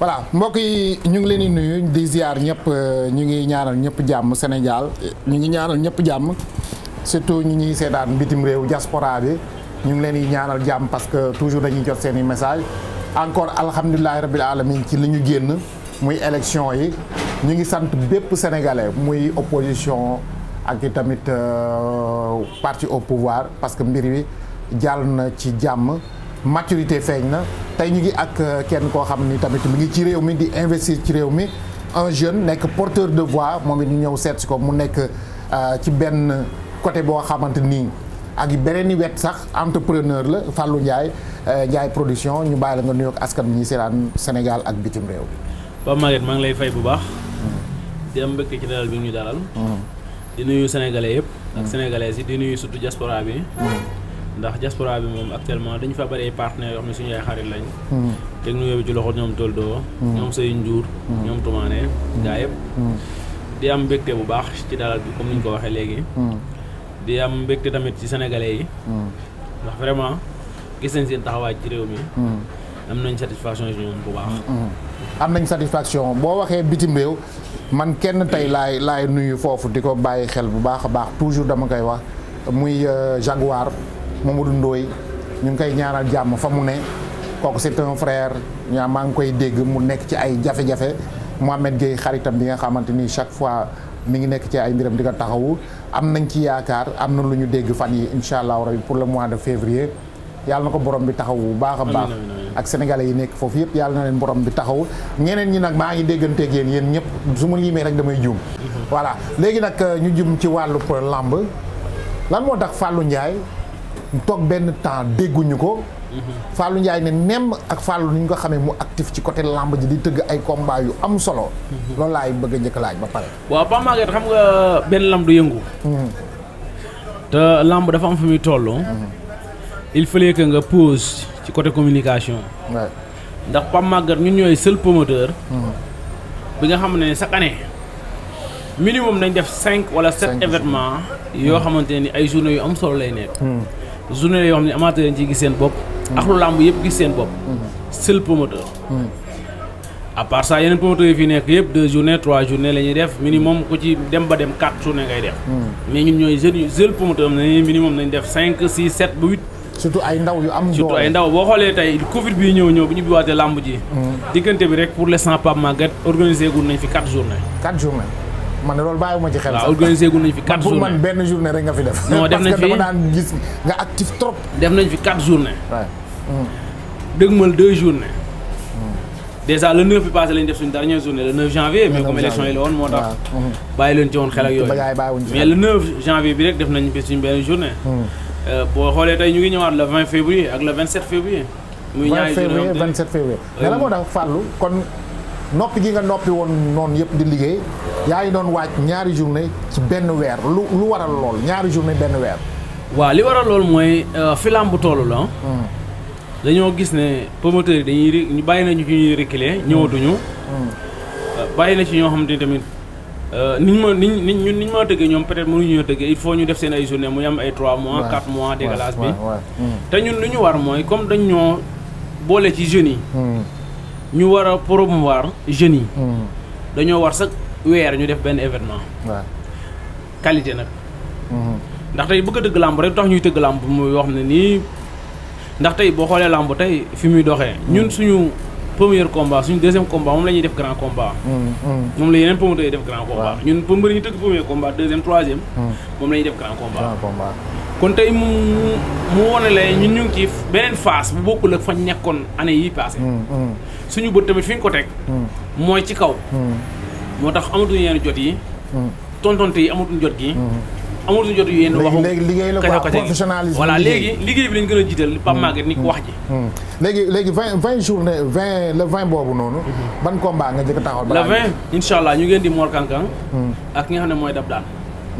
voilà mbokk yi ñu ngi leen di nuyu di ziar ñëpp euh, ñu ngi ñaanal ñëpp jàmm Sénégal ñu ngi ñaanal ñëpp jàmm surtout ñu ñuy seetaan bitim réew diaspora bi ñu ngi leen di ñaanal jàmm parce que toujours dañuy jot seen i message encore alhamdulilahi rabil alamin ci li ñu génn muy élection yi ñu ngi sant bépp sénégalais muy opposition ak i tamit euh, parti au pouvoir parce que mbir wi jàll na ci jàmm maturité feeñ na tey ñu ngi ak euh, kenn koo xam ni tamit mi ngi ci réew mi di investir ci réew mi un jeune nekk porteur de voix moom it ñu ñëw seet si ko mu nekk euh, ci benn côté boo xamante nii ak beneen i wet sax entrepreneur la Fallou Ndiaye euh, Ndiaye production ñu bàyyi la nga nuyoog askan bi ñuy seetaan Sénégal ak bitim réew bi Pape Maguette maa ngi lay fay bu baax mm. di am mbégte ci dalal bi ñu dalal mm. di nuyu sénégalais yëpp mm. ak sénégalaises yi di nuyu surtout diaspora bi ndax diaspora bi moom actuellement dañu fa bari ay partenaires yoo xam ne suñu ay xarit lañ hmm. technique bi ci loxo ñoom Toldo hmm. ñoom Sey Ndiour hmm. ñoom Toumane gaa yëpp di am mbégte bu baax ci dalal bi comme ni ñu ko waxee léegi di am mbégte tamit ci sénégalais yi ndax vraiment gis nañ seen taxawaay ci réew mi am nañ satisfaction ci ñoom bu baax am nañ satisfaction boo waxee bitim réew man kenn tey laay laay nuyu foofu di ko bàyyi xel bu baax a baax toujours dama koy wax muy euh, Jaguar Mamadou Ndoye ñu ngi koy ñaanal jàmm fa mu ne kooku c'est un ñaa maa ngi koy dégg mu nekk ci ay jafe-jafe Mohamed Gueye xaritam bi nga xamante ni chaque fois mi ngi nekk ci ay mbiram di ko taxawu am nañ ci yaakaar am na lu ñu dégg fan yi incha allahu rabi pour le mois de février yàlla na ko borom bi taxaw bu baax a baax ak sénégalais yi nekk foofu yëpp yàlla na leen borom bi taxaw ñeneen ñi nag maa ngi dégganteeg yéen yéen ñëpp su ma liimee rek damay juum mhm. voilà léegi nag euh, ñu jum ci wàllu làmb lan moo tax fàllu Ndiaye toog benn temps dégguñu ko. Fallou Ndiaye ne nemm ak Fallou ni ñu ko xamee mu actif ci côté lamb ji di tëgg ay combat yu am solo. loolu laay bëgg a njëkk laaj ba pare. waaw Pape Maguette xam nga benn lamb du yëngu. Hmm. te lamb dafa am fu muy toll. Hmm. il fallait que nga pause ci côté communication. ndax Pape Maguette ñu ñooy seul promoteur. Hmm. bi nga xam ne chaque année. minimum nañ def cinq wala sept événements yoo xamante ni ay journée yu am solo lay nekk. journée yoo xam ne amateur yi ciy gis seen bopp. ak lu làmb yëpp gis seen bopp. seul promoteur. à part ça yeneen promoteurs yi fi nekk yëpp deux journées trois journées la ñuy def minimum ku ci dem ba dem quatre journées ngay def. mais ñun ñooy jeunes yu seul promoteur am nañu minimum nañ def cinq six sept ba huit. surtout ay ndaw yu am doole surtout ay ndaw boo xoolee tey Covid bii ñëw ñëw bi ñu biwaatee làmb ji. Mm. diggante bi rek pour les 100 Pape Maguette organisé gu nañ fi 4 journées. 4 journées. man ne loolu bàyyiwuma ci xel sax. waaw organisé gu nañ fi 4 jours man benn journée rek nga fi def. non def nañ fi parce que dama daan gis nga actif trop. def mm. mm. bi passé lañ def suñu dernière journée le 9 janvier. mais comme élection yi la moo tax. Mm. bàyyi leen ci woon xel ak yooyu. mais le 9 janvier bi rek def nañ fi suñu benn journée. Euh, boo xoolee tey ñu ngi ñëwaat le 20 février ak le 27 février. muy ñaari journée 27 février moo tax noppi gi nga noppi woon noonu yëpp di liggéey yaa ngi doon waaj ñaari journée ci benn weer lu lu waral lool ñaari journée benn weer. waa li waral lool mooy euh, fi bu toll la hmm. dañoo gis ne promoteurs yi dañuy ñu bàyyi nañu ci ñuy reculer hmm. ñëwatuñu. Hmm. Euh, bàyyi na ci ñoo xam ni tamit euh, niñ ma niñ niñ ñun niñ ma tëggee ñoom peut-être mënuñu ñoo tëggee il faut ñu def seen ay journée mu yam ay 3 mois 4 mois décalage bi te ñun lu ñu war mooy comme dañu ñoo boole ci jeunes yi ñu war a promouvoir jeunes yi. Hmm. dañoo war sax weer ñu def benn événement. waaw qualité nag. Hmm. ndax tey bëgg a dëgg làmb rek tax ñuy tëgg làmb muy yoo xam ne nii ndax tey boo xoolee làmb tey fi muy doxee. Hmm. ñun suñu premier combat suñu deuxième combat moom la ñuy def grand combat. moom la yeneen promoteurs yi def grand combat. ñun pour mbëri ñu tëgg premier combat deuxième troisième. moom la ñuy def grand combat. kon tey mu mu wane la ñu ngi ci beneen phase bu bokkul ak fañ nekkoon année yi passé mm, mm. suñu bët tamit fi ñu ko teg. Mm. mooy ci kaw. moo tax amatuñu yenn jot yi. tontonte yi amatuñu jot gi. amatuñu jot yu yenn waxu léegi liggéey la quoi voilà léegi liggéey bi lañ gën a jiital Pape Maguette ni ko wax ji. léegi léegi vingt vingt journée le vingt boobu noonu. Mhm. ban combat nga jëkk taxawal. ba le vingt incha allah ñu ngeen di Mor Kankang. ak ki nga xam ne mooy Dab Daan.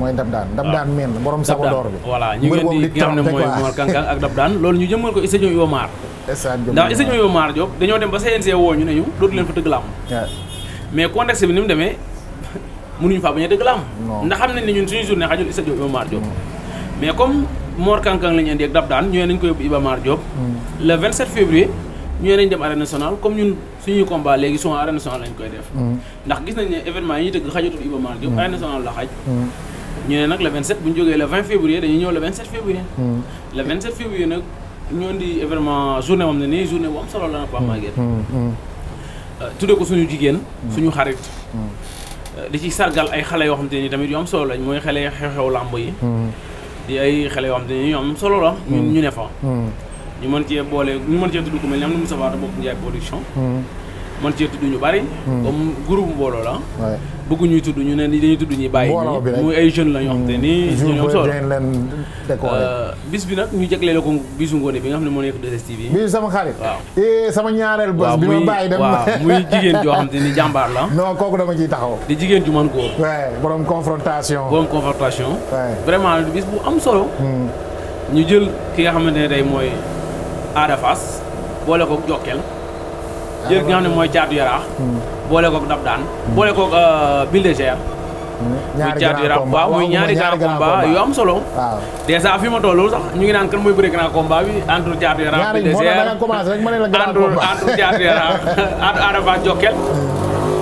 mooy Dab Daan Dab Daan men borom bi voilà ñu ngi di xam ne mooy Mor Kankan ak Dab loolu ñu jëmal ko Stade Iba Mar ndax Stade Iba Mar Diop dañoo dem ba CNG woo ñu ne ñu dootu leen fa dëgg làmb mais contexte bi ni mu demee a dëgg làmb ndax xam nañ ne ñun suñu journée xajul Stade Iba Mar Diop mm. mais comme la ñu indi ak Dab Daan ñu ne nañ mm. dem arène nationale comme ñun koy def. Mm. ndax gis nañ événement yi ñuy tëgg xajatul Iba Mar Diop. arène nationale la xaj. ñu ne nag le 27 bu ñu jógee le 20 février dañuy ñëw le 27 février. Hmm. le 27 février nag ñoo di vraiment journée moom ne nii journée bu am solo la nag. Pape hmm. hmm. euh, ko suñu jigéen. suñu xarit. Euh, di ci sargal ay xale yoo xam te ni tamit yu am lañ mooy xale xew-xew làmb yi. di ay xale yoo xam te ni yu am solo la. ñun ñu ne fa. ñu mën cee boole ñu mën cee tudd ko mel ni am na Moussa Wade bopp Ndiaye production. man cee tudd ñu bari. Hmm. comme groupe mbooloo la. waay bëgg ñuy tuddu ñu ne ni dañuy tudd ñuy bàyyi. ñu muy ay jeunes la ñoo xam te ni. Hmm. ñoom euh, bis bi nag ñu jagleel ko bisu ngoone bi nga xam ne moo nekk 2STV. bii sama xarit. waaw eh, sama ñaareel bés. bi ma muy jigéen joo xam te ni jàmbaar la. non kooku dama ciy taxaw. di jigéen ju man góor. waaw borom confrontation. borom confrontation. vraiment bis bu am solo. Hmm. ñu jël ki nga xamante ne day mooy Ada Fass boole ko Jokkel jël nga xam ne mooy caatu yaraax. boole koog dab daan. Hmm. boole koog euh, Bulldozer. Hmm. ñaari grand combat muy ñaari grand combat yu am solo. waaw dèjà fi ma toll sax ñu ngi naan kan mooy bëri grand combat bi entre Thiatou Yarakh Bulldozer entre entre Thiatou Yarakh Ada Fass Diockel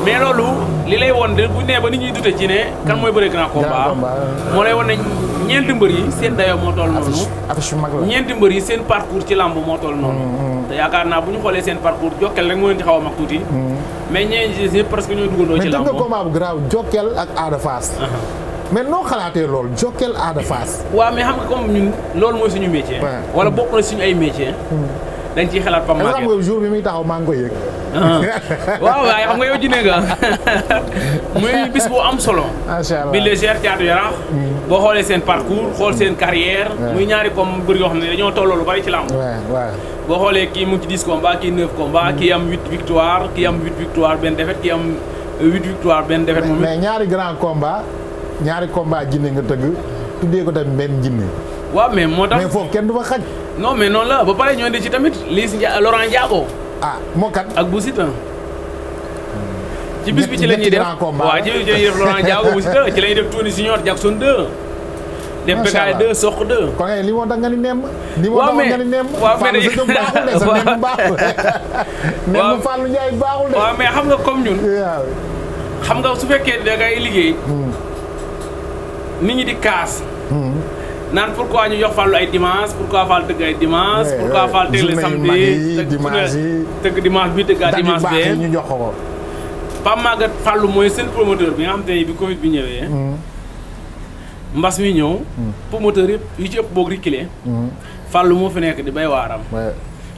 mais loolu li lay won de bu ñu nee ba nit ñuy dute ci ne kan mooy bëri grand ñeenti mbër yi seen dayo moo toll noonu. affiche mag la ñeenti mbër yi seen parcours ci làmb moo toll noonu. Mm, mm, mm. te yaakaar naa bu ñu xoolee seen parcours Jokal rek moo leen di xaw a mag tuuti. mais ñeenti yëpp presque ñoo duggandoo ci làmb. mais tëgg combat bu garaaw Jokal ak Ada Fass. mais noo xalaatee loolu Jokal Ada Fass. waaw mais xam nga comme ñun loolu mooy suñu métier. wala bokk na suñu ay métier. dañ ciy xalaat Pape Maguette xam bi muy taxaw maa ngi koy yëg. Uh-huh. waaw waaye xam nga yow ji ne nga muy bis bu am solo. macha allah bi légère Caatu Yaraax. Mm. boo xoolee seen parcours xool seen carrière. muy ñaari comme mbër yoo xam ne dañoo tolloo lu bari ci làmb. waaw waaw boo xoolee kii mu ngi ci 10 combats kii 9 combats mm. kii am 8 victoire kii am 8 victoire benn défaite kii am 8 euh, victoire benn défaite. moom mais ñaari grand combat ñaari combat jinne nga tëgg tuddee ko tamit benn jinne waaw mais moo tax mais foofu kenn du fa xaj. non mais noonu la ba pare ñoo di ci tamit Liss Ndiago Laurent Ndiago. ah moo kat ak bu Siteu. ci bis bi ci la ñuy def waaw ci bis bi ci la ñuy def Laurent Ndiago bu Siteu ci la ñuy def Tony Jackson 2. def PKA 2 soq 2. kon li moo tax nga ni nemm. li moo tax nga ni nemm. waaw mais waaw mais sa mais xam nga comme ñun. xam nga su fekkee da liggéey. Hmm. nit ñi di kaas. Hmm. naan pourquoi ñu jox Fallou ay dimanche pourquoi Fall tëgg ay dimanche. pourquoi Fall tëgg le samedi dimanche yi tëgg dimanche jox ko. Pape Maguette Fallou mooy seen promoteur bi nga xam te ne bi Covid bi ñëwee. Mm. mbas mi ñëw. Mm. promoteur yëpp yu ci ëpp boog reculé. Mm. Fallou moo fi nekk di bay waaram.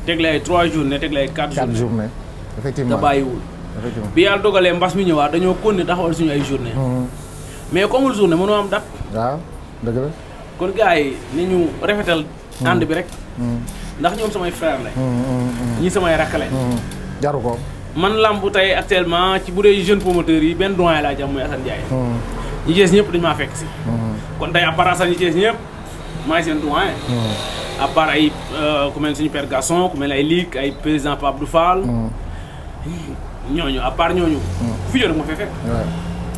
teg lay trois journées teg lay quatre journées. quatre journées effectivement te bàyyiwul. bi yàlla dogalee mbas mi ñëwaat dañoo continuer taxawal suñu ay journée mais comme journée mënoo am date. waaw ah, kon gars yi ni ñu rafetal mm. ànd bi rek mm. ndax ñoom samay frère la mm, ñii samay rakk la jaru ko man làmb tey actuellement ci bu dee jeune promoteur yi benn doyen laa ci am mooy Assane Ndiaye ñi jees ñëpp dañ maa fekk si kon tey à part Assane ñi jees ñëpp maay seen doyen à part ay euh, ku mel suñu père Gasson ku mel ay liig ay président Pape Abdou Fall ñooñu à ñooñu ku fi joon ma fay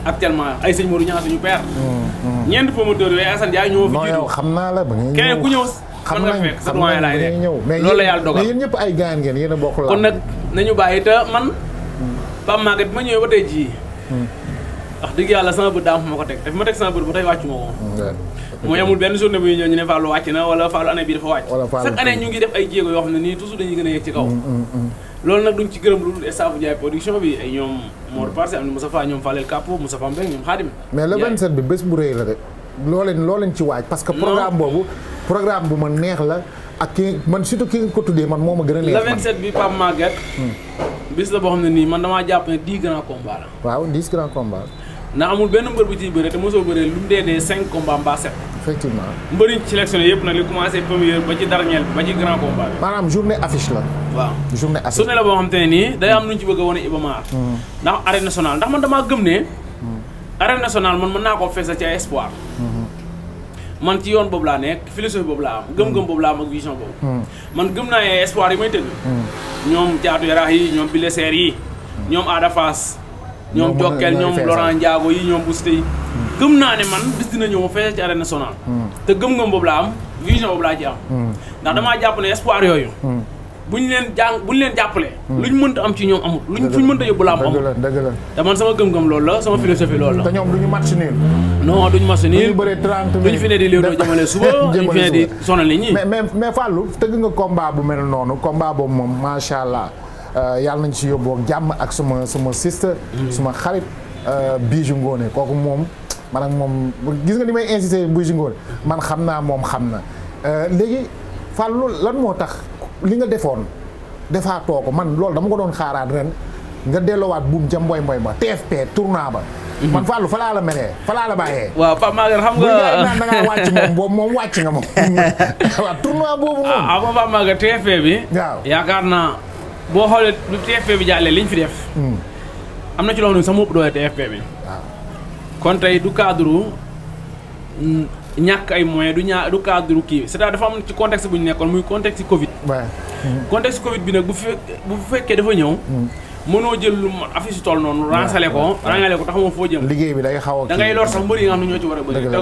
actuellement ay sëñ Modou Niang suñu père. Mm, mm. ñeent promoteurs yooyu Assane Ndiaye ñoo fi jiitu. non xam naa la ba ngay ñëw keneen xam nañ xam nañ ba ñëw mais yéen loolu la yàlla dogal mais yéen ñëpp ay gaan ngeen yéen a bokk la. kon nag nañu bàyyi te man. Pape Maguette bi ma ñëwee ba tey jii. Mm. wax dëgg yàlla sama bët daa ma ko teg daf ma teg sama bët ba tey wàccu ma mooy amul benn journée bu ñëw ñu ne Fallou wàcc na wala Fallou année bi dafa wàcc chaque année ñu ngi def ay jéego yoo xam ne nii toujours dañuy gën a yegg ci kaw mm, mm, mm. loolu nag duñ ci gërëm lu dul man surtout ki nga ko man moo ma gën a neex boo xam ne man damaa jàpp ne 10 grands combats la waaw 10 grands combats ndax amul benn mbër bu ciy dee dee 5 combats mbaa 7 effectivement mbëri sélectionné yëpp nag li commencé premier ba ci dernier ba ci grand combat bi. maanaam journée affiche la. waaw journée affiche journée la boo xam te ne nii day am lu ñu ci bëgg a wane Iba hmm. ndax arène nationale ndax man damaa gëm ne. Hmm. arène nationale man mën naa koo fees ci ay espoir. Hmm. man ci yoon boobu laa nekk philosophie boobu laa am gëm-gëm boobu laa am ak vision boobu. man gëm naa ay espoir yi may tëgg. ñoom jaatu yaraax yi ñoom Bile Seer yi. ñoom Ada Fass. ñoom Jokkel ñoom Laurent Ndiago yi ñoom Bousté yi gëm naa ne man bis dina ñëw ma feesee ci arène nationale. Hmm. te gëm-gëm boobu laa am vision boobu laa ci am. Hmm. ndax damaa jàpp ne espoir yooyu. Hmm. bu ñu leen jàng bu ñu leen jàppale. luñ mënta am ci ñoom amul. luñ fuñ mënta yóbbu la am amul dëgg la te man sama gëm-gëm loolu la sama philosophie loolu la. te ñoom duñu ñu nul. non duñu match nul duñu bëree 30 minutes duñu fi ne di léew doo jëmale suba duñu fi ne di sonal nit ñi. mais mais mais Fallou tëgg nga combat bu mel noonu combat boobu moom macha allah euh, yàlla nañ ci yóbbu jàmm ak suma suma sister. suma xarit euh, Bijou Ngoné kooku moom man ak moom gis nga li may insisté buy si ngóor man xam naa moom xam na euh, léegi Fallou lan moo tax li nga defoon defaatoo ko man loolu dama ko doon xaaraat ren nga delloowaat buum ca mboy mboy ba TFP tournant ba mhm. man Fallou falaala laa la meree bàyyee. waaw Pape Maguette xam nga bu ñu naan da wàcc moom boobu moom wàcc nga moom. waaw boobu moom. Ah, ah, yaakaar naa boo xoolee bi jàllee li fi def. Hmm. am na ci loo sama ne doole TFP bi. kon tey du cadre ñàkk ay moyens du ñaa du cadre kii c'est-à-dire dafa am ci contexte bu ñu nekkoon muy contexte Covid. Mm. contexte Covid bi nag bu fe bu fekkee dafa ñëw. Mm. mënoo jël lu affiche toll noonu. ransale ko rangale ko tax moom foo jëm. liggéey bi day xaw a da ngay lor sax mbëri yi nga xam ne ñoo ci war a bëri. dëgg la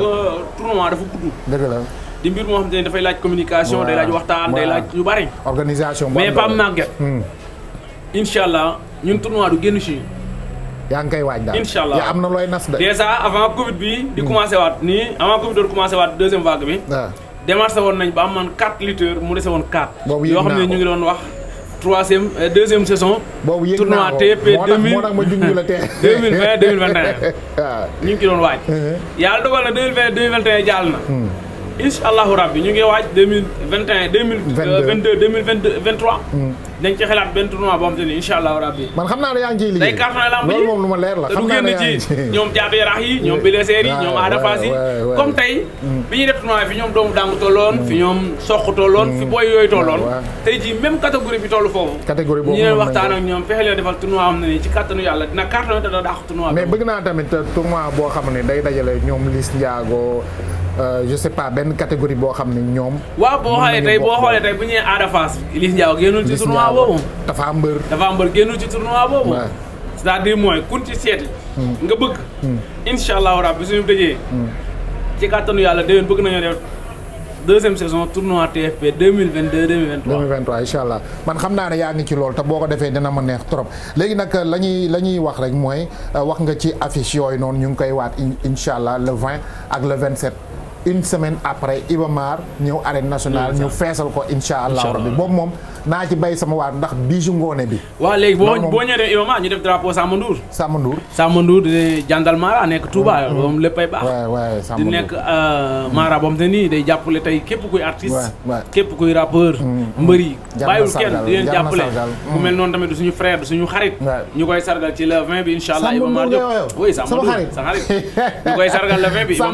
tournoi dafa gudd. dëgg la di mbir moo xam ne dafay laaj communication. day laaj waxtaan day laaj lu bari. organisation mais Pape Maguette. Mm. incha allah ñun tournoi du génn si. yaa ngi koy waaj daal incha yaa am na looy nas de. dèjà avant Covid bi. di hmm. commencé waat nii avant Covid doon commencé waat deuxième vague bi. waaw ah. démarché woon nañ ba am man 4 lutteurs mu dese woon 4. yoo xam ne ñu ngi doon wax. troisième euh, deuxième saison. boobu yëg naa ko tournoi TP deux mille moo ah. doon waaj. Uh-huh. yàlla dogal na deux mille vingt deux na. Hmm. incha allahu rabbi ñu ngi waaj deux mille vingt et un deux mille euh, vingt deux deux mille vingt trois. Hmm. dañ ci xalaat benn tournoi boo xam man xam naa ne yaa day moom lu ma leer la xam naa ne yaa ngi bi ñuy def tournoi fi ñoom doomu dàng tolloon hmm. fi ñoom soq tolloon hmm. fi booy yooyu tolloon bi toll foofu catégorie boobu ñu leen waxtaan ak ñoom fexe dina carton te doo naa tamit tournoi boo xam ne day dajale ñoom Liss Ndiago Euh, je sais benn catégorie boo xam ne ñoom. waaw boo xoolee tey boo xoolee tey bu ñu nee Ada Fass génnul ci tournoi boobu. dafa mbër dafa mbër génnul ci tournoi boobu. c'est-à-dire mooy kun ci seeti. Hmm. nga bëgg. Hmm. incha allahu rabbi suñu tëjee. Hmm. ci kàttanu yàlla déwén bëgg nañoo def. deuxième saison tournoi TFP 2022 2023 2023 incha allah man xam naa ne yaa ngi ci lool te boo ko defee dina ma neex trop léegi nag euh, la ñuy la ñuy wax rek mooy euh, wax nga ci affiche yooyu noonu ñu ngi koy waat incha allah le 20 ak le 27. une semaine après Iba Mar ñëw arène nationale ñu feesal ko insha allahu rabbi boobu moom naa ci bay sama waar ndax biiju ngoone bi waaw léegi boo boo ñëwee Iba Mar ñu def drapeau Samba Ndour Samba Ndour Samba Ndour di jàndal Mara nekk Touba mm-hmm. moom léppay baax waaw di nekk euh, Mara boobu te nii day jàppale tey képp kuy artiste képp kuy rappeur mm-hmm. mbër bàyyiwul kenn di jàppale mm-hmm. mu mel noonu tamit du suñu frère du suñu xarit ñu koy sargal ci le 20 bi insha allah Iba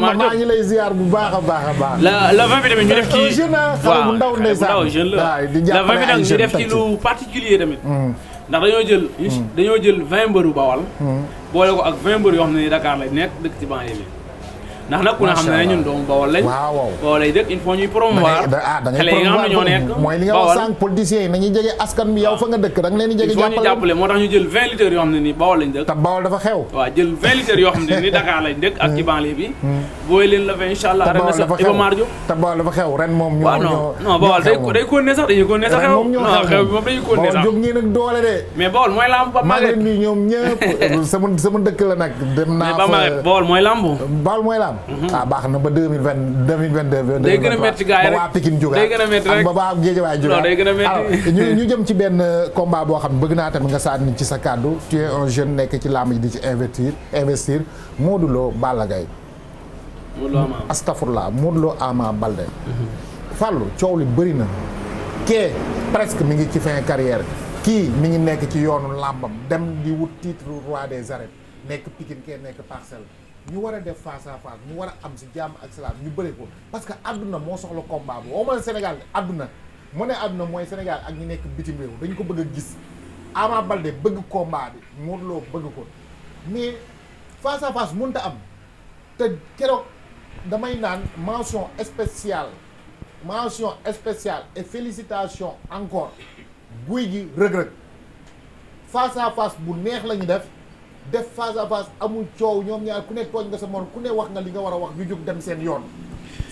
Mar baax a baax a baax. la la vingt bi tamit ñu def ci jeune xale la vingt bi nag ñu def ci lu particulier tamit. Mm. ndax dañoo jël. Mm. dañoo jël vingt mbëru bawal. Mm. boole ko ak vingt mbëru yoo xam ne Dakar lay nekk dëkk ci banlieue bi. ndax nag ku ne xam ne ñun doomu Bawol lañ. waaw Bawol lay dëkk il faut ñuy promouvoir. ah da ngay promouvoir bi yow fa nga nga leen di jege. nii mm. mm. leen la fa incha allah ren sax Iba dafa xew ren moom. ñoo ñoo non Bawol day day continuer sax dañuy continuer xew non xew moom dañuy continuer sax. Bawol doole mais Bawol mooy lamb ba maget. maa ngi ñoom ñëpp sama dëkk la nag dem naa fa. mais ba maget Bawol mooy lamb. Bawol mooy lamb am. Mm-hmm. ah baax na ba deux mille vingt deux mille vingt deux. day gën a métti gars yi rek ba waa Pikine jógaat day gën a métti rek ah, ba waa Guédiawaye jógaat. non day gën a métti ah, ñu ñu jëm ci benn euh, combat boo xam ne bëgg naa tamit nga sànni ci sa kàddu tu es un jeune nekk ci làmb ji di ci investir investir Modou Lo Balla Gaye. Modou Lo Ama astafurla Modou Lo Ama Baldé. Mm-hmm. Fallou coow li bëri na. kee presque mi ngi ci fin carrière kii mi ngi nekk ci yoonu làmbam dem di wut titre roi des arènes nekk Pikine kee nekk Parcelles. ñu war a def face à face mu war a am si jàmm ak salaam ñu bëri ko parce que àdduna moo soxla combat bu waxuma la Sénégal àdduna mu ne àdduna mooy Sénégal ak ñu nekk bitim réew dañu ko bëgg a gis Ama Baldé bëgg combat bi Modou Lo bëgg ko mais face à face mënut a am te keroog damay naan mention spéciale mention spéciale et félicitations encore guy gi rëg-rëg face à face bu neex la ñu def. def face à face amul coow ñoom ñaar ku ne tooñ nga sa morom ku ne wax nga li nga war a wax ñu jóg dem seen yoon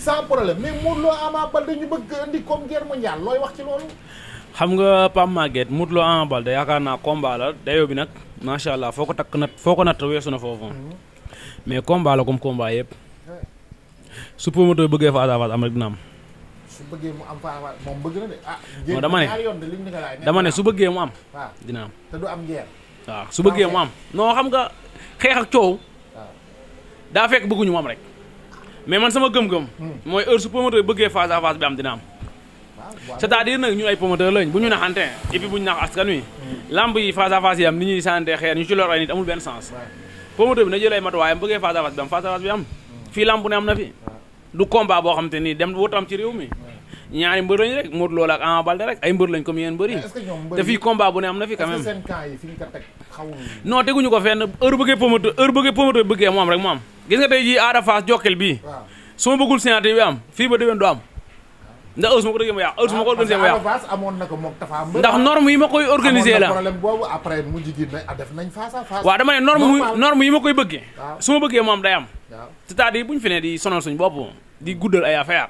sans problème mais Modou Lo Ama Baldé ñu bëgg indi comme guerre mondiale looy wax ci loolu. xam nga Pape Maguette Modou Lo Ama Baldé yaakaar naa combat la dayoo bi nag macha allah foo ko takk nat foo ko natt weesu na foofu mhm. mais combat la comme combat yëpp su promoteur bëggee face à face am rek dina am. su bëggee mu am face à face moom bëgg na de ah. dama ne dama ne su bëggee mu am. te du am waaw ah, su bëggee ah, mu am non xam nga xeex ak coow daa fekk bëgguñu mu am rek mais man sama gëm-gëm hmm. mooy heure su promoteur bëggee face à face bi am dina am ah, c'est-à-dire nag ñun ay promoteur lañ bu ñu naxante et puis bu ñu nax askan wi hmm. lamb yi face à face yi am ni ñuy sànnante xeer ñu ci lor ay nit amul benn sens promoteur bi na jël ay matuwaayam bëggee face à face bi am face à face bi am hmm. fii lamb bu am na fi du combat boo xam te nii dem wutam ci réew mi ñaari mbër lañ rek Modou Lo ak Ama Baldé rek ay mbër lañ comme yéen mbër yi te fii combat bu ne am na fi quand même seen camp ñu ko teg xaw non teguñu ko fenn heure bëggee promoteur heure bëggee promoteur bëggee mu am rek mu am fii ba déwén du ndax heure su ma ko ko ah, organisé ma yàq ndax norme yi ma koy organisé la problème boobu après mujj gi def nañ face à face dama ne norme yi ma koy bëggee su ma bëggee mu am day am c'est-à-dire bu ñu fi ne di sonal suñ bopp di guddal ay affaire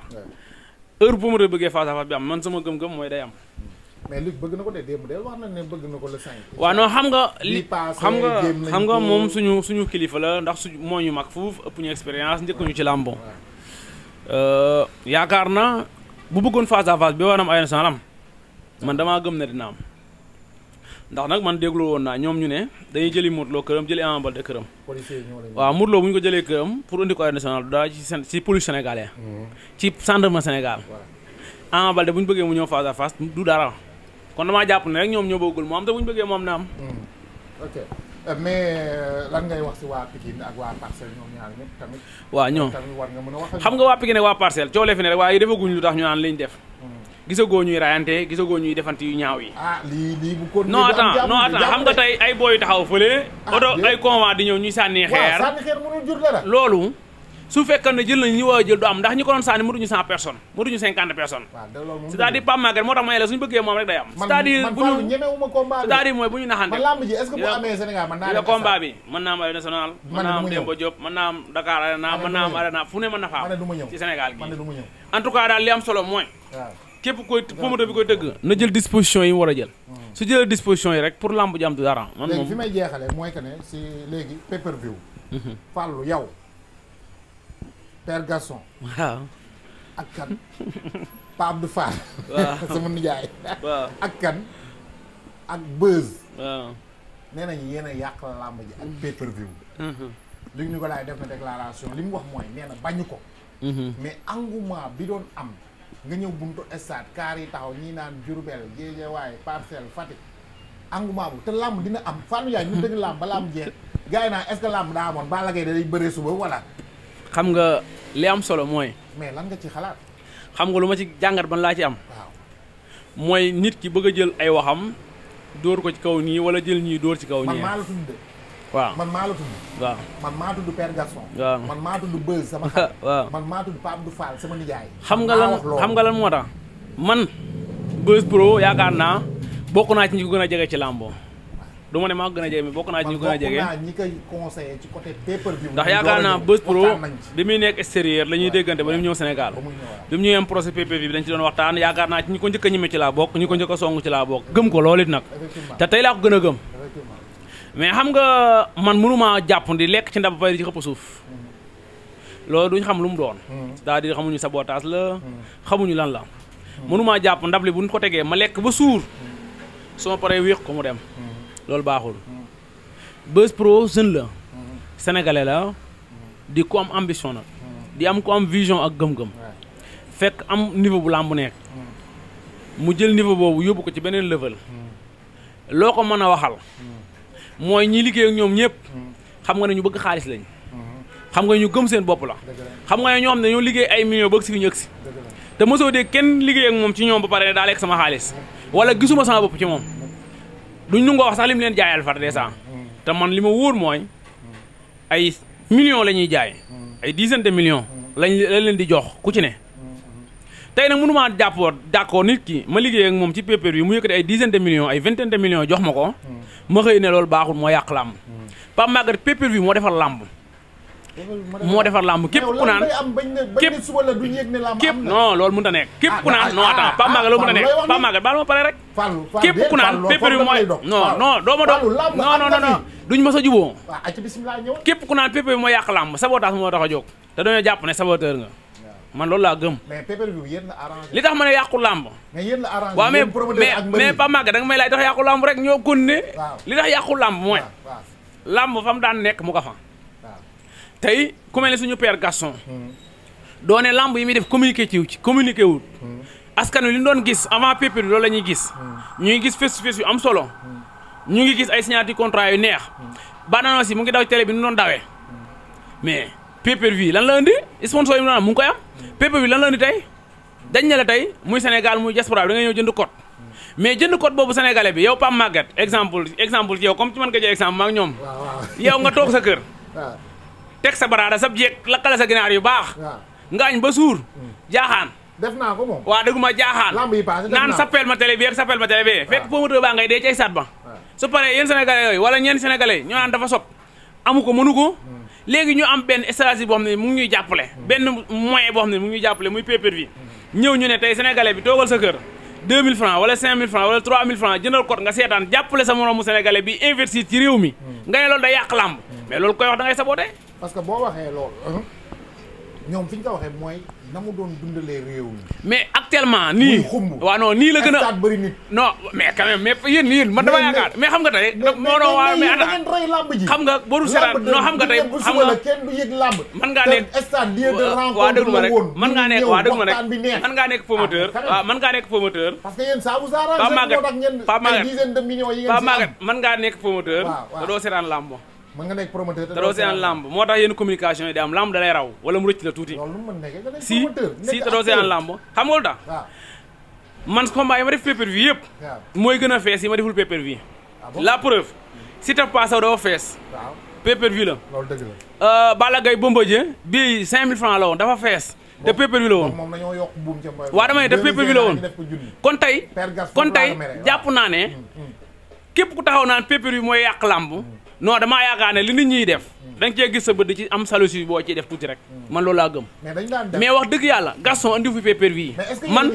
heure bu ma la bëggee face a face bi am man sama gëm-gëm mooy day am. mais Luc bëgg na ko de démb de wax na ne bëgg na ko le 5. waaw non xam nga li xam nga xam nga moom suñu suñu kilifa la ndax suñu moo ñu mag fuuf ëpp ñu expérience njëkkuñu ci làmbon. Euh, yaakaar na bu bëggoon face à face bi war am ay am man damaa gëm ne dina am. ndax nag man déglu woon naa ñoom ñu ne dañuy jëli Modou këram jëli Ama Baldé këram waaw Modou Lo bu ñu ko jëlee këram pour indi ko arène nationale daa ci ci police sénégalais mm-hmm. ci gendarmerie Sénégal Ama Baldé bu ñu bëggee mu ñëw face à face du dara kon damaa jàpp ne rek ñoom ñoo bëggul mu am te bu ñu bëggee moom am na am ok euh, mais euh, lan ngay wax ci waa Pikine ak waa Parcelles xam nga waa Pikine ak waa Parcelles coolee fi rek waaye defaguñ lu tax ñu naan liñ def gisagoo ñuy raayante gisagoo ñuy defante yu ñaaw yi. ah non attends non attends xam nga tey ay booy taxaw fële. Ah, oto ay convoi di ñëw ñuy sànni xeer. waaw loolu su fekkee jël nañu ñu war a jël du am ndax ñi ko doon sànni mënuñu cent personnes mënuñu cinquante personnes. waaw de loolu moom cest à moo tax ma ne la suñu bëggee moom rek day am. c'est-à-dire bu ñu naxante. man naa am arène national mën naa naa am Dakar arena mën naa am arena fu ne mën na ci Sénégal gi en tout cas daal képp koy promoteur bi koy dëgg na jël disposition yi war a jël hmm. su jëlee disposition yi rek pour lamb ji am du dara man moom fi may jeexale mooy que ne si léegi pay per view mhm. Fallou yow père garçon waaw ak kan Pape Abdou Fall waaw sama nijaay waaw ak kan ak Beuz waaw nee nañu yéen a yàq lamb ji ak pay view mhm. li ñu ko laay def na déclaration li mu wax mooy nee na bañu ko mhm. mais engouement bi doon am nga ñëw buntu stade kaar yi taxaw ñii naan Diourbel Guédiawaye Parcelles Fatick engouement bu te làmb dina am Fallou Ndiaye ñu dëgg làmb ba làmb jeex gars yi naa est ce que làmb daa amoon Balla Gaye day bëree suba wala xam nga li am solo mooy mais lan nga ci xalaat xam nga lu ma ci jàngat ban laa ci am waaw mooy nit ki bëgg a jël ay waxam dóor ko ci kaw nii wala jël ñii dóor ci kaw nii waaw man maa la tudd. waaw man maa tudd Père man maa tudd Beuz sama xarit. waaw maa tudd Pape du Fall sama nijaay. xam nga lan xam nga lan moo tax man Beuz Pro yaakaar naa bokk naa ci ñi ko gën a jege ci làmbo du ne maa ko gën a jege mais bokk naa ci ñi ko gën a jege man bokk naa ñi koy conseillé ci côté pay per ndax yaakaar naa Beuz Pro bi muy nekk extérieur la déggante ba ni ñëw Sénégal bi mu ñëwee am procès pay bi dañ ci doon waxtaan yaakaar naa ci ñi ko njëkk a ñeme ci laa bokk ñi ko njëkk a song ci laa bokk gëm ko loolu nag te tey laa ko gën a gëm mais xam nga man mënumaa jàpp di lekk ci ndab bay di ci xëpp suuf loolu duñ xam lu mu doon hmm. cest à xamuñu sa sabotage la hmm. xamuñu lan la hmm. mënumaa jàpp ndab li buñ ko tegee ma lekk ba suur su ma paree wéex ko mu dem loolu baaxul Buzz Pro jeune la di ku am ambition nag di am ku am vision ak gëm-gëm fekk am niveau bu làmb nekk mu jël niveau boobu yóbbu ko ci beneen level loo ko mën a waxal mooy ñi liggéey ak ñoom ñëpp mm-hmm. xam nga ne ñu bëgg xaalis lañ mm-hmm. xam nga ñu gëm seen bopp la xam nga ne ñoo ne ñoo liggéey ay millions bëgg si fi ñu si te mosoo dee kenn liggéey ak moom ci ñoom ba pare ne sama xaalis mm-hmm. wala gisuma sama bopp ci moom du nu nga wax sax leen jaayal far des saa te man li ma wóor mooy ay millions la ñuy jaay ay dizaine de millions lañ leen di jox ku ci ne tey nag mënumaa jàppoo d'accord nit ki ma liggéey ak moom ci pépér bi mu yëkkati ay dizaine de millions ay vingtaine de jox ma ko hmm. ma xëy ne loolu baaxul moo yàq làmb hmm. Pape Maguette pépér moo defar làmb moo defar làmb képp ku naan képp képp non loolu mënut a nekk képp ku ah, naan ah, non ah, attends Pape Maguette loolu mënut a nekk Pape Maguette baal ma pare rek képp ku naan pépér bi mooy non non doo ma doon non non non duñ ma sa juboo képp ku naan pépér moo yàq làmb sabotage moo tax a jóg te dañoo jàpp ne saboteur nga man loolu laa gëm. mais pay li tax ma ne yàqu làmb. mais yéen la arrangé waaw mais mais pas màgg da nga may laaj tax yàqu làmb rek ñoo continuer. li tax yàqu làmb mooy. làmb fa daan nekk mu nga fa. tey ku suñu père Gaston. Hmm. doone làmb yi muy def communiqué ci ci communiqué wul. Hmm. askan wi li ñu doon gis avant pay-per-view la ñuy gis. Hmm. ñu ngi gis face to am solo. ñu ngi gis ay signature contrat yu neex. banaana aussi mu ngi daw télé bi nu doon dawee PPV lan la andi sponsor yi mu mu ngi koy am PPV lan la andi tey dañ ne la tey muy Sénégal muy diaspora bi nga ñëw jënd code mais jënd code boobu sénégalais bi yow Pape Maguette exemple exemple ci yow comme ci man nga jël exemple maak ñoom yow nga toog sa kër teg sa baraada sab jeeg lakkale sa ginaar yu baax nga añ ba suur hmm. jaaxaan def naa ko moom waaw dëgguma jaaxaan naan sappel ma télé bi ak sappel ma télé bi fekk promoteur baa ngay dee ci ay ba su paree yéen sénégalais wala ñeen sénégalais ñoo naan dafa sob amu ko mënu ko hmm. léegi ñu am benn stratégie boo xam ne mu ngi ñuy jàppale benn moyen boo xam ne mu ngi jàppale muy pay per ñëw ñu ne tey sénégalais bi toogal sa kër 2000 francs wala 5000 francs wala 3000 francs jëndal kot nga seetaan jàppale sa moroomu sénégalais bi investir ci réew mi hmm. nga ne loolu da yàq làmb hmm. mais loolu koy wax da ngay saboté parce que boo waxee loolu ñoom fi ñu ko waxee mooy na mu doon dundalee réew mi actuellement nii waa non nii la gën a bëri nit non mais quand même mais yéen yéen man dama yaakaar mais xam nga tey moo doon waaw mais da ngeen rey man ngaa nekk stade lieu de rencontre waaw déglu man ngaa nekk waaw déglu nekk promoteur ah, waaw man ngaa nekk que yéen saa vous arrangez moo tax nekk promoteur da doo seetaan mën nga nekk promoteur te doo seen làmb moo tax yenn communication yi di am làmb da raw wala mu rëcc la tuuti si si te doo seen xam nga man combat yi ma yëpp mooy gën a fees yi ma deful pay per ah la preuve si te paasaw dafa fees pay-per-view la loolu dëgg la euh, Balla Gaye Bombardier bii cinq mille francs la woon dafa fees te pay woon moom dañoo yokk buum ca mbay waaw dama ne te pay-per-view la woon kon tey kon tey jàpp naa ne mm, mm. képp ku taxaw naan pay per mooy yàq làmb mm. non damaa yaakaar ne li nit ñiy def hmm. da nga gis sa bët di ci am salusi boo ciy def tuuti rek hmm. man loolu laa gëm mais wax dëgg yàlla Gaston andi fi pay-per-view man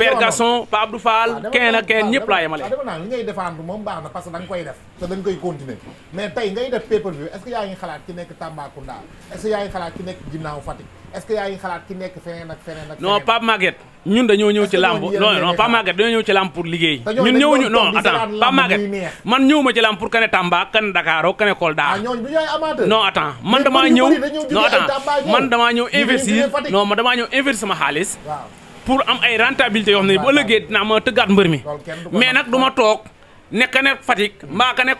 Père Gaston Pape Abdou Fall ah, kenn ak kenn ñëpp laa yemale dama naan na parce que koy def te dañ koy continuer mais tey ngay def pay-per-view yaa ngi xalaat ci nekk Tambacounda est-ce que yaa ngi xalaat ci nekk ginnaaw Fatick est-ce que yaa ngi xalaat nekk feneen ñun dañoo ñëw ci làmb non non Pape Maguette dañoo ñëw ci làmb pour liggéey ñun ñëwuñu non attends Pape Maguette man ñëwuma ci làmb pour kane Tamba kane Dakar kane Kolda ah, non attends man damaa ñëw non attends man damaa ñëw investir non man damaa ñëw investir sama xaalis pour am ay rentabilité yoo xam ne bu ëllëgee dinaa ma tëggaat mbër mi mais nag du ma toog ne ka ne Fatick mbaa ka ne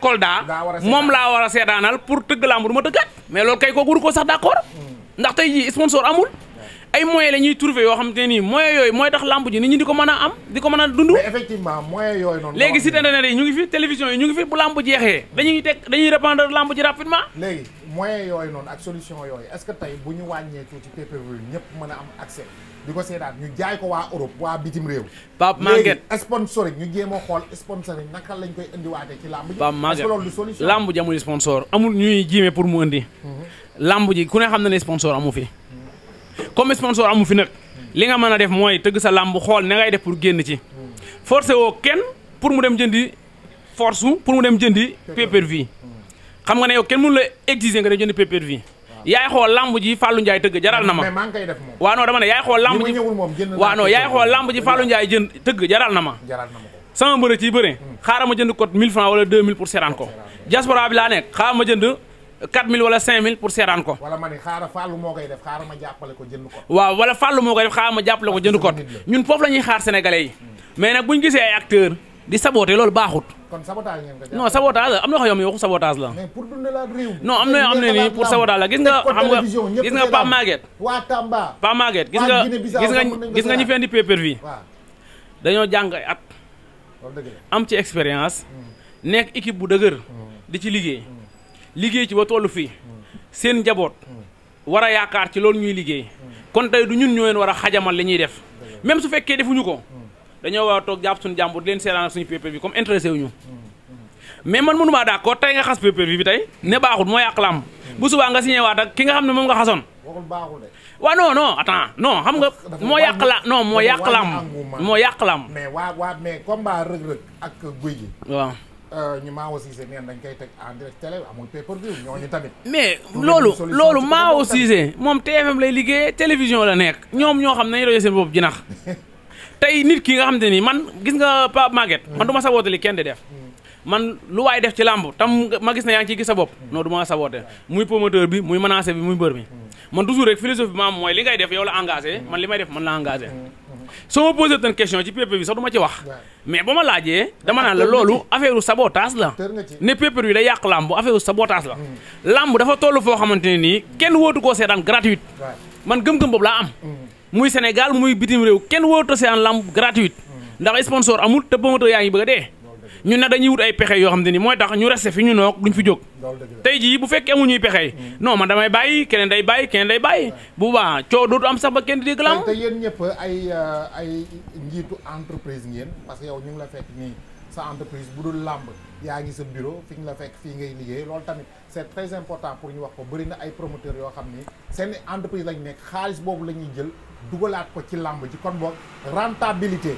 moom laa war a seedaanal pour tëgg làmb du ma tëggaat mais loolu kay kooku wuru ko sax d'accord hmm. ndax tey jii sponsor amul ay moyens la ñuy trouver yoo xam te nii moyens yooyu mooy tax lamb ji nit ñi di ko mën a am di ko mën a dund effectivement moyens yooyu noonu léegi site internet ñu ngi fi télévision yi ngi fi bu lamb jeexee dañuy teg dañuy répandre lamb ji rapidement léegi moyens solution yooyu est que tey bu ñu wàññee tuuti PPV ñëpp a am accès di jaay ko waa Europe waa bitim réew Pape Maguette léegi sponsoring ñu jéem a xool naka lañ indiwaatee ci lamb ji Pape Maguette loolu du solution lamb ji amul sponsor amul ñuy jiime pour mu indi mhm. làmb ji ku ne xam na ne sponsor amu fi comme sponsor amu fi nag li nga mën a def mooy tëgg sa làmb xool na ngay def pour génn ci forcé woo kenn pour mu dem jëndi force pour mu dem jëndi pay-per-view xam nga ne yow kenn mënu la exiger nga dem jëndi pay-per-view yaay xool lamb ji Fallou Ndiaye tëgg jaral na ma waaw non dama ne yaay xool lamb ji waaw non yaay xool lamb ji Fallou Ndiaye jënd tëgg jaral na ma sama mbërë ciy bëre hmm. xaaral ma jënd code 1000 francs wala 2000 pour seetaan ko diaspora bi laa nekk xaaral ma jënd 4000 wala 5000 pour seeraan ko. wala ma ne moo ko jënd ko. def xaaral ma jàppale ko jënd ko ñun foofu la ñuy xaar sénégalais yi. mais nag bu ñu gisee ay acteurs di saboté loolu baaxut. kon sabotage ngeen ko non sabotage la am na yoo xam ne waxu sabotage la. mais pour dundal ak réew. am na yoo xam ne nii pour sabotage la gis nga. xam nga gis nga Pape Maguette. waa Tamba. Pape Maguette gis nga gis nga gis nga ñu feen di pay per dañoo jàng at. am ci expérience. Hmm. nekk équipe bu dëgër. Hmm. di ci liggéey. liggéey ci ba tollu fii seen njaboot war a yaakaar ci loolu ñuy liggéey kon tey du ñun ñoo leen war a xajamal li ñuy def même su fekkee defuñu ko dañoo war a toog jàpp suñu jàmbur di leen seetaan comme intéressé wuñu mais man daa d'accord tey nga xas PPV bi tey ne baaxul moo yàq làmb bu subaa nga signé waat ak ki nga xam ne moom nga xasoon waaw non non attends non xam nga moo yàq la non moo yàq làmb moo yàq làmb mais waa waa mais combat Reug Reug ak Gouye Gui waa Euh, ñu Maawo Cissé neen dañ koy teg en direct télé amul pay per view mais loolu loolu Maawo Cissé moom TFM lay liggéey télévision la nekk ñoom ñoo xam ne dañoo seen bopp jinax tey nit ki nga xam ni man gis nga Pape Maguette. Mm. man du ma saboote li kenn di def. Mm. man lu waay def ci làmb tam ma gis na yaa ngi ciy gis sa bopp mm. noo du ma saboote muy promoteur bi muy menacé bi muy bër bi man toujours rek philosophie bi mooy li ngay def yow la engagé man li may def man la engagé. soo ma posé tan question ci paper bi sax du ma ci wax mais ba ma laajee dama naa la loolu affaire u sabotage la ne paper bi day yàq làmb affaire u la hmm. làmb dafa toll foo xamante ne nii kenn wootu koo seetaan gratuite man gëm-gëm boobu laa am hmm. muy Sénégal muy bitim réew kenn wootu koo seetaan làmb gratuite hmm. ndax sponsor amul te promoteur yaa ngi bëgg a dee ñu ne dañuy wut ay pexe yoo xam ne ni mooy tax ñu resté fi ñu noog duñ fi jóg tey jii bu fekkee amuñuy pexe mm. non man damay bàyyi keneen day bàyyi keneen day bàyyi bu baax coow dootu am sax ba kenn di dégg la am te yéen ñëpp ay euh, ay njiitu entreprise ngeen parce que yow ñu ngi la fekk nii sa entreprise bu dul làmb yaa ngi sa bureau fi ñu la fekk fii ngay liggéey loolu tamit c'est très important pour ñu wax ko bëri ay promoteurs yoo xam ni seen entreprise lañ nekk xaalis boobu la ñuy jël dugalaat ko ci làmb ji kon boog rentabilité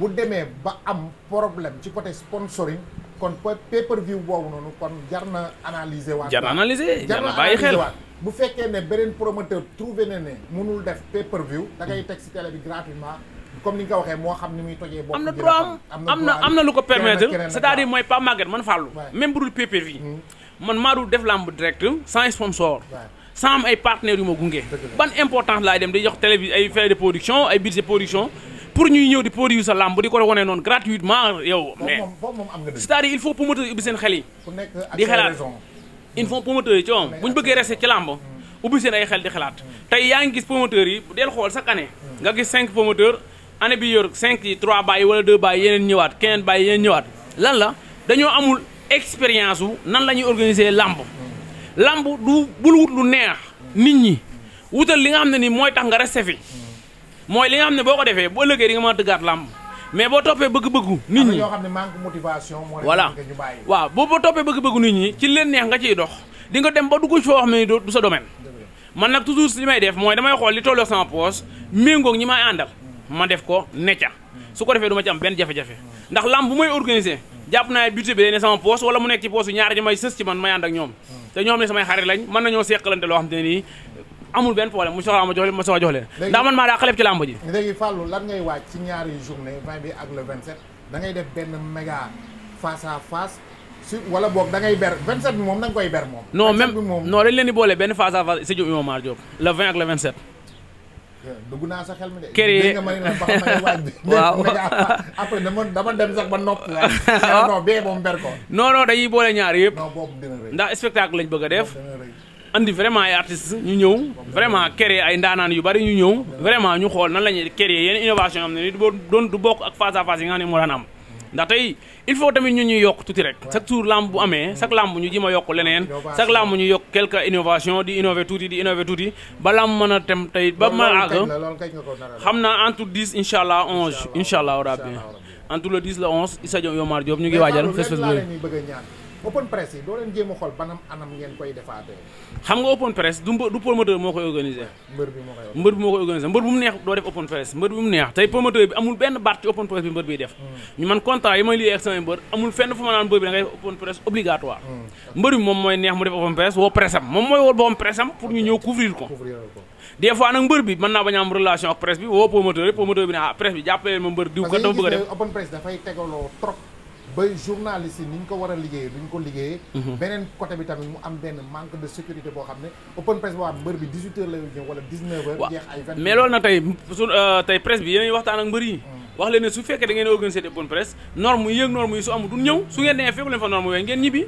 bu demee ba am problème ci côté sponsoring kon pay per view boobu noonu kon jar na analyser waat. jar na jar na bàyyi xel waat bu fekkee ne beneen promoteur trouvé na ne mënul def pay per view da ngay teg si télé bi gratuitement comme ni ko waxee moo xam ni muy tojee. bopp am na droit am na lu ko permettre c'est-à-dire mooy pas màgget man fàllu même bu dul pay view hmm. man maa dul def lamb direct sans sponsor. sans am ay partenaires yu ma gunge. ban importance laa dem di jox télé bi ay frais de production ay budget de pour ñuy ñëw di produire sa làmb di ko wane noonu gratuitement yow. mais c'est-à-dire il faut promoteur yi ubbi seen xel yi. di xalaat il promoteur yi ci moom bu ñu bëggee rester ci làmb. Mm. ubbi seen ay xel di xalaat tey yaa ngi gis promoteur yi del xool chaque année. Mm. nga gis 5 promoteur anne bi yor 5 yi 3 bàyyi wala 2 bàyyi yeneen ñëwaat keneen bàyyi yeneen ñëwaat lan la dañoo amul expérience wu nan la ñuy organiser làmb. Mm. làmb du bul wut lu neex nit ñi wutal li nga xam ne nii mooy tax nga mooy li nga xam ne boo ko defee bu ëllëgee di nga mën a tëggaat làmb mais boo toppee bëgg-bëggu nit ñi ne manque motivation moo voilà waaw boo boo toppee bëgg-bëggu nit ñi ci leen neex nga ciy dox di nga dem ba dugg foo xam ne du sa domaine man nag toujours li may def mooy damay xool li tolloo sama poos méngoog ñi may àndal ma def ko necca su ko defee du ma ci benn jafe-jafe ndax làmb bu may organiser jàpp naa bute bi ne sama poos wala mu nekk ci poos ñaar ñi may sës ci man may ànd ak ñoom te ñoo xam ne samay xarit lañ mën nañoo seqalante loo xam te ne nii amul benn problème mu soxla ma jox leen ma soxla jox leen. ndax man maa daa xaleb ci làmb ji. léegi Fallou lan ngay waaj ci ñaari journée 20 bi ak le 27 da def benn méga face wala boog da ngay ber 27 bi moom da koy ber moom. non même non dañ leen di boole benn face à face si Iba eh, naa sa xel yi ma ne la ba xam ne waaj bi. waaw après dama dama dem sax ba nopp la. non non bee moom ber boole ñaar yëpp. non ndax spectacle lañ bëgg a def. indi vraiment ay artistes ñu ñëw vraiment créer ay ndaanaan yu bari ñu ñëw vraiment ñu xool nan la ñuy créer yenn innovation am ne ni doon du bokk ak face à yi nga xam moo daan am ndax tey il faut tamit ñu ñuy yokk tuuti rek chaque jour lamb bu amee chaque lamb ñu jima yokk leneen chaque lamb ñu yokk quelque innovation di innover tuuti di innover tuuti ba lamb mën a tem tey ba mën a xam naa entre 10 incha allah 11 incha allah rabbi entre le 10 le 11 Issa Diop Yomar Diop ñu ngi waajal fes open press yi doo leen jéem a xool banam anam ngeen koy defaatee. xam nga open press du du promoteur moo koy organisé. mbër bi moo koy mu neex doo def open press mbër bu mu neex tey promoteur bi amul hmm. fenn fu ma naan mbër bi da def open press obligatoire. Hmm. mbër bi moom mooy neex mu def open press woo pressam moom mooy woo boppam pressam pour ñu ñëw couvrir ko. des nag mbër bi mën naa bañ a relation ak presse bi woo promoteur bi ne ah presse bi jàppale ma mbër diw kat dafa bëgg def bay journaliste yi ni ñu ko war a liggéeyee duñ ko liggéeyee mhm. beneen côté bi tamit mu am benn manque de sécurité boo xam ne open presse boo xam mbër bi 18 heures lay ñëw wala 19 mais su euh, tey presse hmm. wax leen ne su fekkee da ngeen organiser open presse norme yi yëg norme yi su amul du ñëw su ngeen nee fekk fa norme yooyu ngeen ñibbi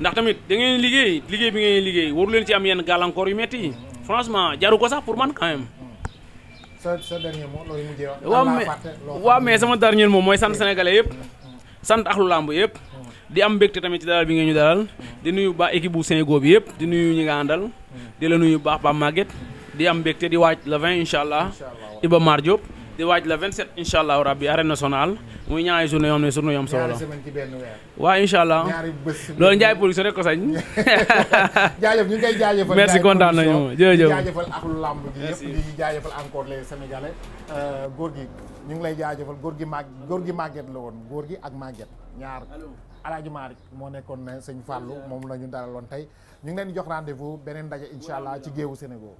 ndax tamit da ngeen liggéey liggéey bi ngeen liggéey waru leen ci am yenn gàllankoor yu metti yi hmm. franchement jaru ko sax pour man quand même hmm. sa sa dernier mot mais sama dernier moom mooy sant sénégalais yëpp sant axlu làmb yëpp di am mbégte tamit ci dalal bi nga ñu dalal di nuyu baax équipe bu Sénégal bi yëpp di nuyu ñi nga àndal di la nuyu baax baax màgget di am mbégte di waaj la 20 incha allah Iba Mar Diop di waaj le 27 incha allah rabbi arène nationale ñaari journée yoo xam ne journée yu am solo la waaw incha allah loolu Ndiaye production rek ko sañ. jaajëf ñu ngi koy jaajëfal. merci kontaan nañu jërëjëf jaajëfal ak lu làmb gi yëpp di jaajëfal encore ñu ngi lay jaajëfal góor gi màgg góor gi màgget la woon góor gi ak màgget ñaar alaaji Maalik moo nekkoon ne sëñ Fàllu moom la ñu dalaloon tey ñu ngi leen jox rendez beneen daje incha allah ci géewu Sénégal